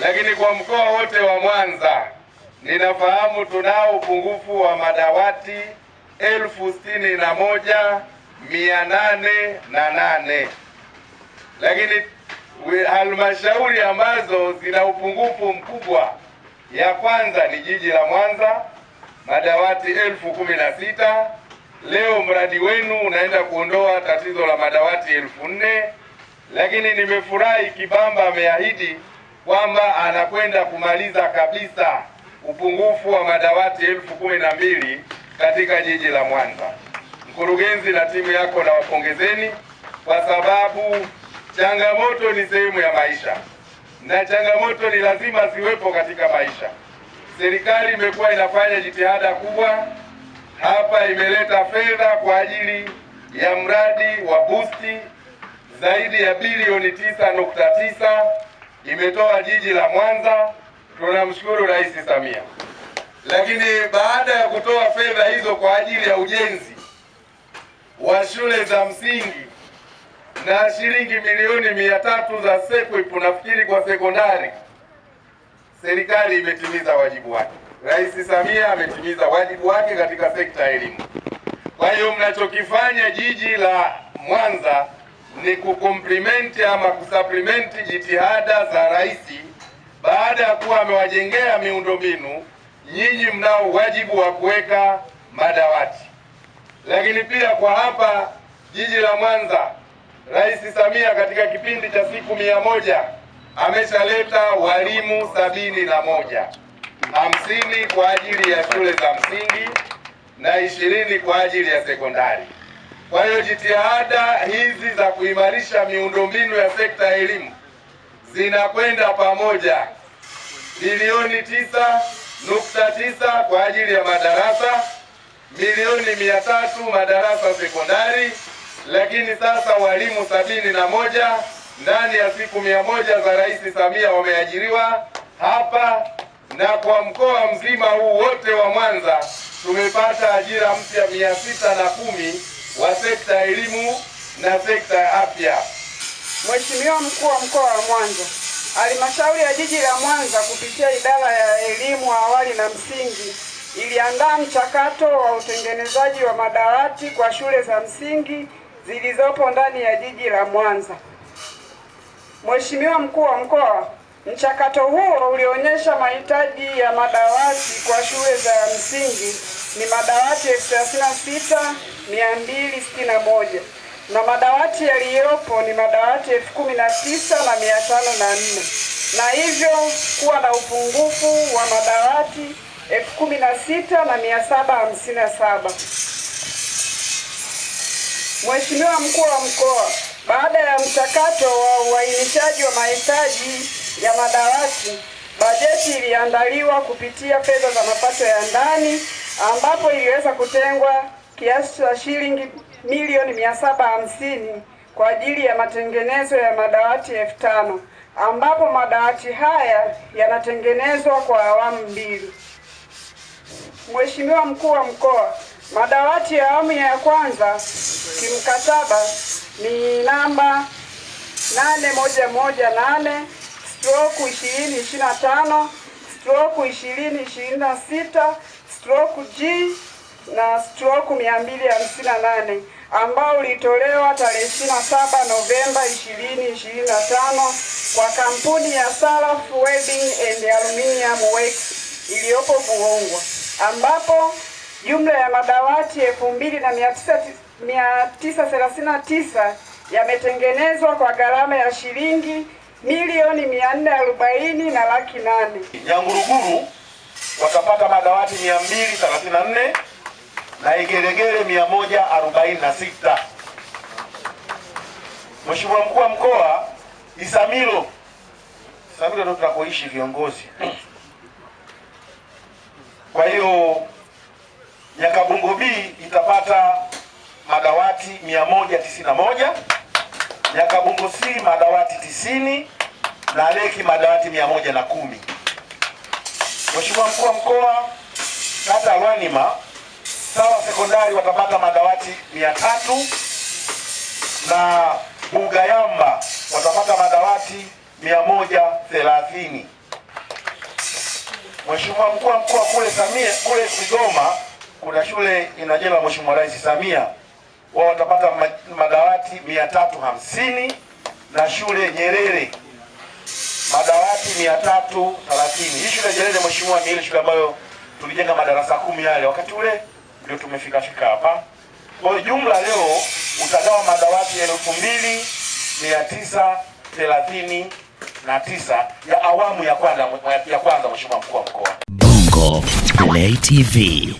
lakini kwa mkoa wote wa Mwanza ninafahamu tunao upungufu wa madawati elfu sitini na moja mia nane na nane lakini halmashauri ambazo zina upungufu mkubwa ya kwanza ni jiji la Mwanza madawati elfu kumi na sita. Leo mradi wenu unaenda kuondoa tatizo la madawati elfu nne, lakini nimefurahi Kibamba ameahidi kwamba anakwenda kumaliza kabisa upungufu wa madawati elfu kumi na mbili katika jiji la Mwanza. Mkurugenzi na timu yako na wapongezeni kwa sababu changamoto ni sehemu ya maisha na changamoto ni lazima ziwepo katika maisha. Serikali imekuwa inafanya jitihada kubwa hapa, imeleta fedha kwa ajili ya mradi wa busti zaidi ya bilioni tisa nukta tisa imetoa jiji la Mwanza, tunamshukuru Rais Samia. Lakini baada ya kutoa fedha hizo kwa ajili ya ujenzi wa shule za msingi na shilingi milioni mia tatu za SEQUIP, nafikiri kwa sekondari, serikali imetimiza wajibu wake. Rais Samia ametimiza wajibu wake katika sekta ya elimu. Kwa hiyo mnachokifanya jiji la Mwanza ni kukomplimenti ama kusaplimenti jitihada za rais baada ya kuwa amewajengea miundombinu, nyinyi mnao wajibu wa kuweka madawati. Lakini pia kwa hapa jiji la Mwanza, Rais Samia katika kipindi cha siku mia moja ameshaleta walimu sabini na moja, hamsini kwa ajili ya shule za msingi na ishirini kwa ajili ya sekondari. Kwa hiyo jitihada hizi za kuimarisha miundombinu ya sekta ya elimu zinakwenda pamoja. Bilioni tisa nukta tisa kwa ajili ya madarasa, milioni mia tatu madarasa sekondari, lakini sasa walimu sabini na moja ndani ya siku mia moja za Rais Samia wameajiriwa hapa, na kwa mkoa mzima huu wote wa Mwanza tumepata ajira mpya mia sita na kumi wa sekta ya elimu na sekta ya afya. Mheshimiwa Mkuu wa Mkoa wa Mwanza, Halmashauri ya Jiji la Mwanza kupitia idara ya elimu awali na msingi iliandaa mchakato wa utengenezaji wa madawati kwa shule za msingi zilizopo ndani ya jiji la Mwanza. Mheshimiwa Mkuu wa Mkoa, Mchakato huo ulionyesha mahitaji ya madawati kwa shule za msingi ni madawati 36261 na madawati yaliyopo ni madawati kumi na na na hivyo kuwa na upungufu wa madawati na sita saba saba. Mheshimiwa Mkuu wa Mkoa, baada ya mchakato wa uainishaji wa mahitaji ya madarasa, bajeti iliandaliwa kupitia fedha za mapato ya ndani ambapo iliweza kutengwa kiasi cha shilingi milioni mia saba hamsini kwa ajili ya matengenezo ya madawati elfu tano ambapo madawati haya yanatengenezwa kwa awamu mbili. Mheshimiwa Mkuu wa Mkoa, madawati ya awamu ya kwanza kimkataba ni namba nane moja moja nane stroke ishirini ishirini na tano stroke ishirini ishirini na sita stroke G na stroke mia mbili hamsini na nane ambao ulitolewa tarehe 27 Novemba 2025 kwa kampuni ya Saraf Welding and Aluminium Works iliyopo Buhongwa, ambapo jumla ya madawati 2939 yametengenezwa kwa gharama ya shilingi milioni mia nne arobaini na laki nane. Nyanguruguru watapata madawati mia mbili thelathini na nne na Igeregere mia moja arobaini na sita. Mheshimiwa mkuu wa mkoa, Isamilo Isamilo ndio tunakoishi viongozi. Kwa hiyo Nyakabungo B itapata madawati mia moja tisini na moja. Kabungo C madawati tisini na Leki madawati mia moja na kumi. Mheshimiwa mkuu wa mkoa, kata Rwanima sawa sekondari watapata madawati mia tatu na Bugayamba watapata madawati mia moja thelathini. Mheshimiwa mkuu wa mkoa, kule Samia kule Kigoma kuna shule inajengwa Mheshimiwa Rais Samia wao watapata madawati mia tatu hamsini na shule Nyerere madawati mia tatu thelathini. Hii shule Nyerere, mheshimiwa, ni ile shule ambayo tulijenga madarasa kumi yale wakati ule, ndio tumefika fika hapa. Kwa jumla leo utagawa madawati elfu mbili mia tisa thelathini na tisa ya awamu ya kwanza ya kwanza, mheshimiwa mkuu wa mkoa. Bongo Play TV.